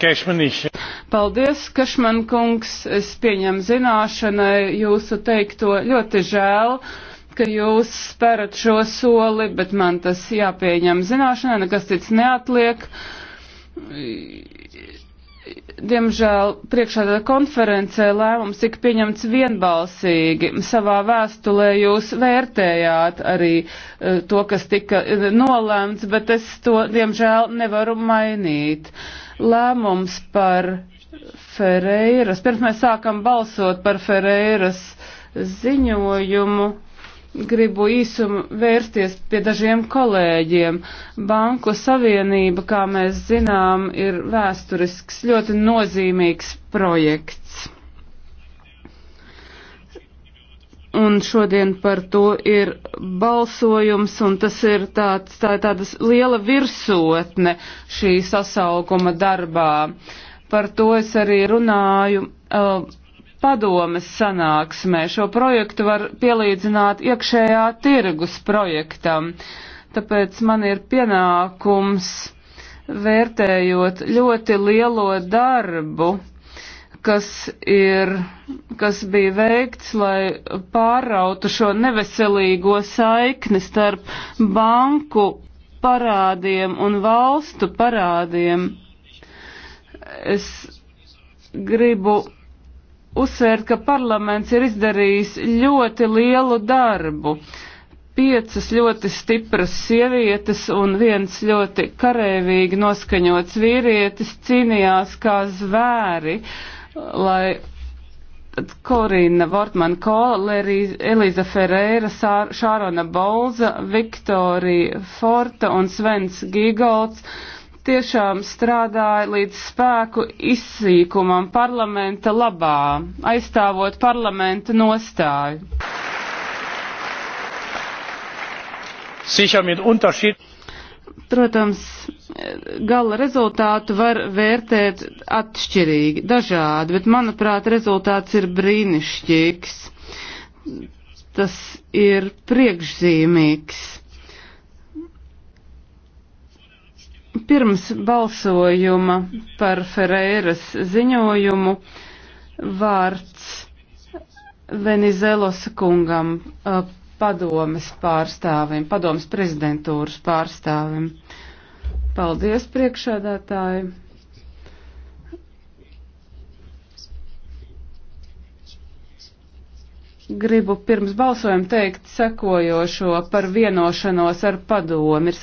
tekstu. Paldies, Kašman kungs. Es pieņemu zināšanai jūsu teikto. Ļoti žēl, ka jūs sperat šo soli, bet man tas jāpieņem zināšanai, nekas cits neatliek. Diemžēl priekšādā konferencē lēmums tika pieņemts vienbalsīgi. Savā vēstulē jūs vērtējāt arī eh, to, kas tika eh, nolēmts, bet es to, diemžēl, nevaru mainīt. Lēmums par Ferreiras, pirms mēs sākam balsot par Ferreiras ziņojumu, gribu īsumu vērsties pie dažiem kolēģiem. Banku savienība, kā mēs zinām, ir vēsturisks, ļoti nozīmīgs projekts. Un šodien par to ir balsojums, un tas ir tāds, tā ir tādas liela virsotne šī sasaukuma darbā. Par to es arī runāju. Uh, padomes sanāksmē. Šo projektu var pielīdzināt iekšējā tirgus projektam, tāpēc man ir pienākums vērtējot ļoti lielo darbu, kas, ir, kas bija veikts, lai pārautu šo neveselīgo saikni starp banku parādiem un valstu parādiem. Es gribu uzsvērt, ka parlaments ir izdarījis ļoti lielu darbu. Piecas ļoti stipras sievietes un viens ļoti karēvīgi noskaņots vīrietis cīnījās kā zvēri, lai Korina Vortman Kola, Elīza Ferreira, Šārona Bolza, Viktorija Forta un Svens Gigalds tiešām strādāja līdz spēku izsīkumam parlamenta labā, aizstāvot parlamenta nostāju. Protams, gala rezultātu var vērtēt atšķirīgi, dažādi, bet manuprāt rezultāts ir brīnišķīgs. Tas ir priekšzīmīgs Pirms balsojuma par Ferreiras ziņojumu vārds Venizelos kungam, padomes pārstāvim, padomes prezidentūras pārstāvim. Paldies, priekšēdētāji! gribu pirms balsojuma teikt sekojošo par vienošanos ar padomu.